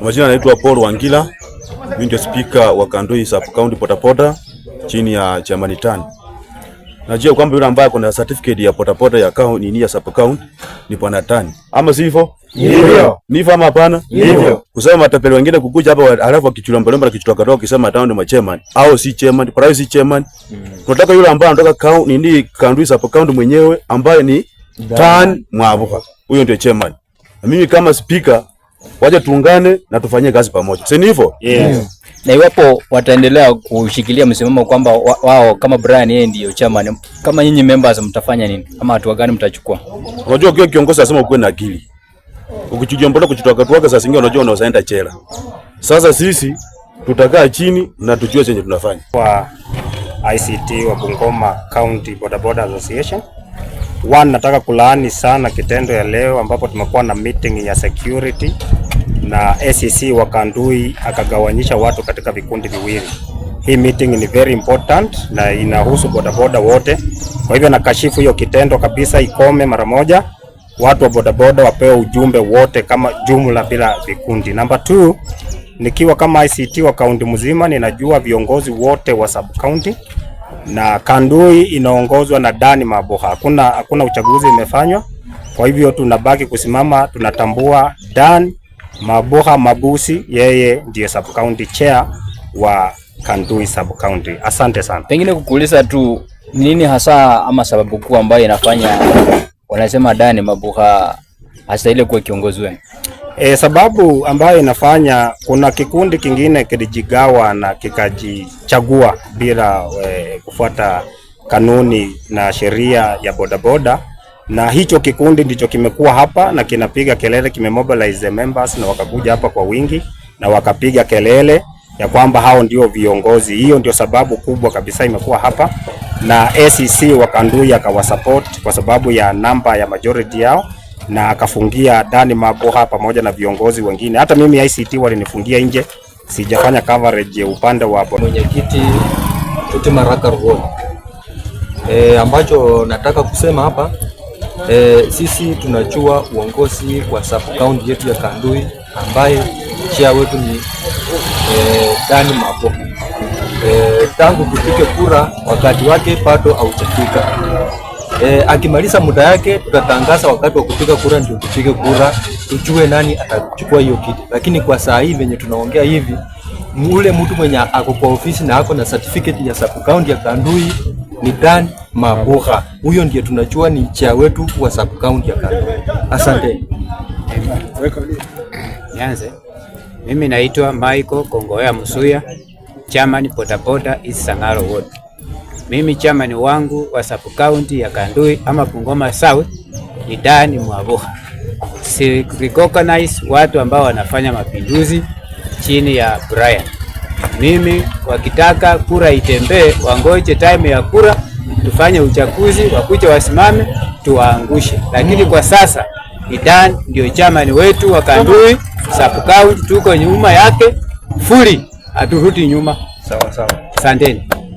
Majina anaitwa Paul Wangila, mimi ndio spika wa Kandui sub county Potapoda chini ya Chamani Tani. Najua kwamba yule ambaye kuna certificate ya Potapoda ya county ni ya sub county ni Bwana Tani. Ama sivyo? Ndivyo. Ndivyo ama hapana? Ndivyo. Kusema matapeli wengine kukuja hapa halafu akichulomba lomba na kichitoka toka kisema town ni chairman au si chairman, kwa si chairman. Hmm. Tunataka yule ambaye anataka county ni Kandui sub county mwenyewe ambaye ni Tani Mwabuka. Huyo ndio chairman. Na mimi kama speaker waje tuungane na tufanyie kazi pamoja, si hivyo? Yes. Mm. Na iwapo wataendelea kushikilia msimamo kwamba wao kama Brian yeye ndio chairman, kama nyinyi members mtafanya nini ama hatua gani mtachukua? Unajua ukiwa kiongozi lazima ukuwe na akili, ukichijombola kuchitwakatwaka, sasa singe, unajua unaenda chela. Sasa sisi tutakaa chini na tujue chenye tunafanya kwa ICT wa Bungoma County Bodaboda Association One, nataka kulaani sana kitendo ya leo ambapo tumekuwa na meeting ya security na SEC wa akagawanyisha watu katika vikundi viwili. Hii meeting ni very important na inahusu bodaboda wote. Kwa hivyo nakashifu hiyo kitendo kabisa, ikome mara moja. Watu wa bodaboda wapewe ujumbe wote kama jumla bila vikundi. Namba two, nikiwa kama ICT wa kaunti mzima ninajua viongozi wote wa sub county na Kandui inaongozwa na Dani Maboha. Hakuna, hakuna uchaguzi imefanywa, kwa hivyo tunabaki kusimama, tunatambua Dan Maboha Mabusi, yeye ndiye sub county chair wa Kandui sub county. Asante sana. Pengine kukuuliza tu nini hasa ama sababu kuu ambayo inafanya wanasema Dani Maboha hastahili kuwa kiongozi wenu? E, sababu ambayo inafanya kuna kikundi kingine kilijigawa na kikajichagua bila e, kufuata kanuni na sheria ya bodaboda, na hicho kikundi ndicho kimekuwa hapa na kinapiga kelele, kimemobilize members na wakakuja hapa kwa wingi na wakapiga kelele ya kwamba hao ndio viongozi. Hiyo ndio sababu kubwa kabisa imekuwa hapa, na ACC wakandui akawasupport kwa sababu ya namba ya majority yao na akafungia Dani Maboha pamoja na viongozi wengine. Hata mimi ICT walinifungia nje, sijafanya coverage upande wa mwenyekiti Tuti Maraka Ruoni. E, ambacho nataka kusema hapa e, sisi tunachua uongozi wa sub county yetu ya Kandui ambaye chia wetu ni e, Dani Maboha e, tangu kupike kura wakati wake bado haujafika. E, akimaliza muda yake tutatangaza wakati wa kupiga kura, ndio tupige kura tujue nani atachukua hiyo kiti. Lakini kwa saa hii venye tunaongea hivi, ule mtu mwenye ako kwa ofisi na ako na certificate ya sub county ya Kandui ni Dan mabuha huyo ndiye tunajua ni cha wetu wa sub county ya Kandui. Asante. Nianze. Mimi naitwa Michael Kongoya Musuya, chama ni potapota East wote mimi chamani wangu wa sub county ya Kandui ama Bungoma South ni Dani Mwabo. Si recognize watu ambao wanafanya mapinduzi chini ya Brian. Mimi wakitaka kura itembee, wangoje time ya kura, tufanye uchaguzi, wakuja wasimame, tuwaangushe. Lakini kwa sasa Idan ndio chamani wetu wa Kandui sub county, tuko nyuma yake fuli, aturudi nyuma. Sawa sawa, asanteni.